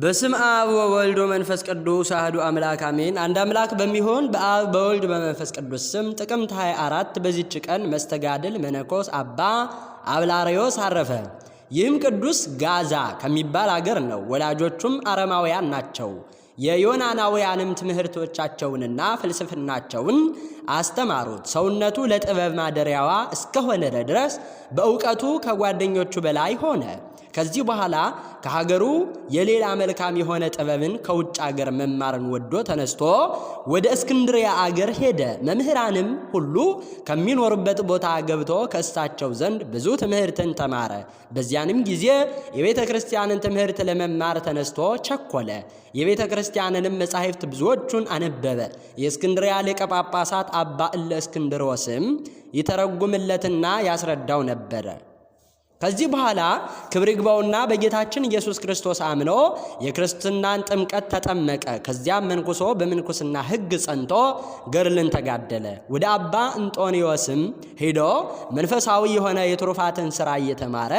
በስም አብ ወወልድ ወመንፈስ ቅዱስ አህዱ አምላክ አሜን። አንድ አምላክ በሚሆን በአብ በወልድ በመንፈስ ቅዱስ ስም ጥቅምት 24 በዚች ቀን መስተጋድል መነኮስ አባ አብላሪዮስ አረፈ። ይህም ቅዱስ ጋዛ ከሚባል አገር ነው። ወላጆቹም አረማውያን ናቸው። የዮናናውያንም ትምህርቶቻቸውንና ፍልስፍናቸውን አስተማሩት። ሰውነቱ ለጥበብ ማደሪያዋ እስከሆነ ድረስ በእውቀቱ ከጓደኞቹ በላይ ሆነ። ከዚህ በኋላ ከሀገሩ የሌላ መልካም የሆነ ጥበብን ከውጭ አገር መማርን ወዶ ተነስቶ ወደ እስክንድሪያ አገር ሄደ። መምህራንም ሁሉ ከሚኖሩበት ቦታ ገብቶ ከእሳቸው ዘንድ ብዙ ትምህርትን ተማረ። በዚያንም ጊዜ የቤተ ክርስቲያንን ትምህርት ለመማር ተነስቶ ቸኮለ። የቤተ ክርስቲያንንም መጻሕፍት ብዙዎቹን አነበበ። የእስክንድሪያ ሊቀ ጳጳሳት አባ እለ እስክንድሮስም ይተረጉምለትና ያስረዳው ነበረ። ከዚህ በኋላ ክብር ይግባውና በጌታችን ኢየሱስ ክርስቶስ አምኖ የክርስትናን ጥምቀት ተጠመቀ። ከዚያም መንኩሶ በምንኩስና ሕግ ጸንቶ ገርልን ተጋደለ። ወደ አባ እንጦንዮስም ሄዶ መንፈሳዊ የሆነ የትሩፋትን ሥራ እየተማረ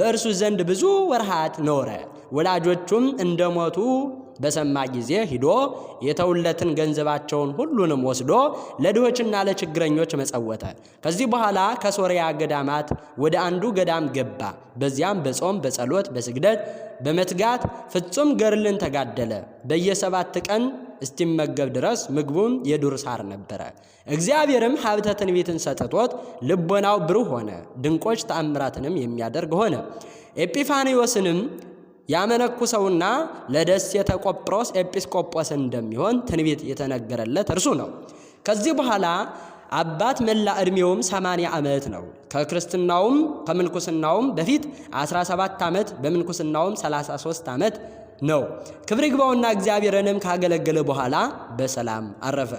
በእርሱ ዘንድ ብዙ ወርሃት ኖረ። ወላጆቹም እንደሞቱ በሰማ ጊዜ ሂዶ የተውለትን ገንዘባቸውን ሁሉንም ወስዶ ለድሆችና ለችግረኞች መጸወተ። ከዚህ በኋላ ከሶርያ ገዳማት ወደ አንዱ ገዳም ገባ። በዚያም በጾም በጸሎት በስግደት በመትጋት ፍጹም ገርልን ተጋደለ። በየሰባት ቀን እስቲመገብ ድረስ ምግቡም የዱር ሳር ነበረ። እግዚአብሔርም ሀብተ ትንቢትን ሰጥቶት ልቦናው ብሩህ ሆነ፣ ድንቆች ተአምራትንም የሚያደርግ ሆነ። ኤጲፋንዮስንም ያመነኩሰውና ለደሴተ ቆጵሮስ ኤጲስቆጶስ እንደሚሆን ትንቢት የተነገረለት እርሱ ነው። ከዚህ በኋላ አባት መላ ዕድሜውም 80 ዓመት ነው። ከክርስትናውም ከምንኩስናውም በፊት 17 ዓመት በምንኩስናውም 33 ዓመት ነው። ክብር ይግባውና እግዚአብሔርንም ካገለገለ በኋላ በሰላም አረፈ።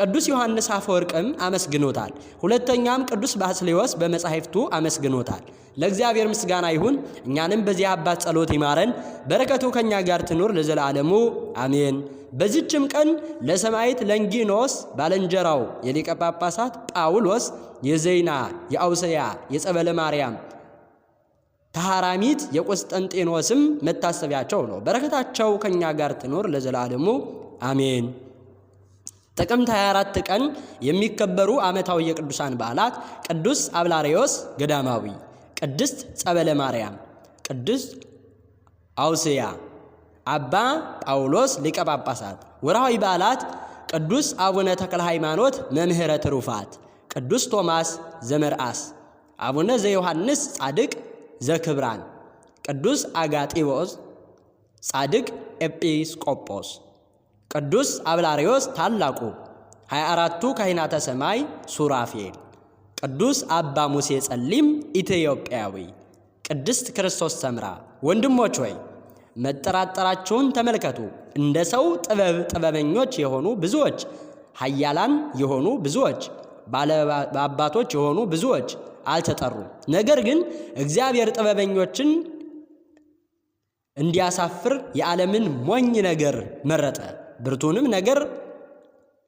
ቅዱስ ዮሐንስ አፈወርቅም አመስግኖታል። ሁለተኛም ቅዱስ ባስሌዎስ በመጻሕፍቱ አመስግኖታል። ለእግዚአብሔር ምስጋና ይሁን። እኛንም በዚህ አባት ጸሎት ይማረን፣ በረከቱ ከእኛ ጋር ትኑር ለዘላለሙ አሜን። በዚችም ቀን ለሰማይት ለንጊኖስ ባለንጀራው የሊቀ ጳጳሳት ጳውሎስ፣ የዘይና የአውሰያ የጸበለ ማርያም ተሐራሚት የቆስጠንጤኖስም መታሰቢያቸው ነው። በረከታቸው ከእኛ ጋር ትኖር ለዘላለሙ አሜን። ጥቅምት 24 ቀን የሚከበሩ ዓመታዊ የቅዱሳን በዓላት ቅዱስ አብላሪዮስ ገዳማዊ፣ ቅድስት ጸበለ ማርያም፣ ቅዱስ አውስያ፣ አባ ጳውሎስ ሊቀ ጳጳሳት። ወርሃዊ በዓላት ቅዱስ አቡነ ተክለ ሃይማኖት መምህረ ትሩፋት፣ ቅዱስ ቶማስ ዘመርአስ፣ አቡነ ዘዮሐንስ ጻድቅ ዘክብራን፣ ቅዱስ አጋጢዎስ ጻድቅ ኤጲስቆጶስ ቅዱስ አብላሪዮስ ታላቁ፣ 24ቱ ካህናተ ሰማይ ሱራፌል፣ ቅዱስ አባ ሙሴ ጸሊም ኢትዮጵያዊ፣ ቅድስት ክርስቶስ ሰምራ። ወንድሞች ሆይ መጠራጠራችሁን ተመልከቱ። እንደ ሰው ጥበብ ጥበበኞች የሆኑ ብዙዎች፣ ሀያላን የሆኑ ብዙዎች፣ ባለአባቶች የሆኑ ብዙዎች አልተጠሩም። ነገር ግን እግዚአብሔር ጥበበኞችን እንዲያሳፍር የዓለምን ሞኝ ነገር መረጠ። ብርቱንም ነገር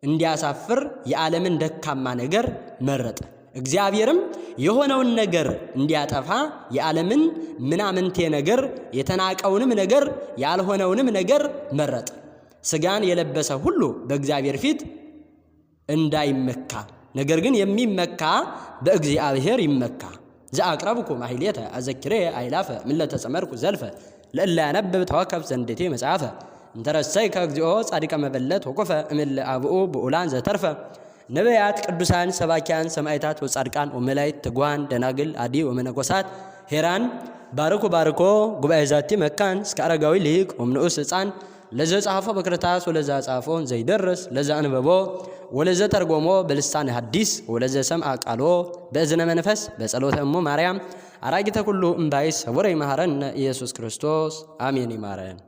እንዲያሳፍር የዓለምን ደካማ ነገር መረጠ። እግዚአብሔርም የሆነውን ነገር እንዲያጠፋ የዓለምን ምናምንቴ ነገር የተናቀውንም ነገር ያልሆነውንም ነገር መረጠ። ሥጋን የለበሰ ሁሉ በእግዚአብሔር ፊት እንዳይመካ፣ ነገር ግን የሚመካ በእግዚአብሔር ይመካ። ዘአቅረብኩ ማሕሌተ አዘኪሬ አይላፈ ምለተጸመርኩ ዘልፈ ለእላ ያነብብ ተዋከብ ዘንዴቴ መጽሐፈ እንተረሰይ እግዚኦ ጻድቀ መበለት ወቆፈ እምለ አብኡ ብኡላን ዘተርፈ ነቢያት፣ ቅዱሳን፣ ሰባኪያን፣ ሰማይታት ወጻድቃን ወመላእክት ትጓን ደናግል አዲ ወመነኮሳት ሄራን ባርኩ ባርኮ ጉባኤ ዛቲ መካን እስከ አረጋዊ ልሂቅ ወምንዑስ ህፃን ለዘ ጻፎ በክርታስ ወለዛ ጻፎን ዘይደርስ ለዛ አንበቦ ወለዘ ተርጎሞ በልሳን ሐዲስ ወለዘ ሰምዐ ቃሎ በእዝነ መንፈስ በጸሎተ እሙ ማርያም አራጊተ ኩሉ እምባይስ ኅቡረ ይመሃረነ ኢየሱስ ክርስቶስ አሜን ይማረን።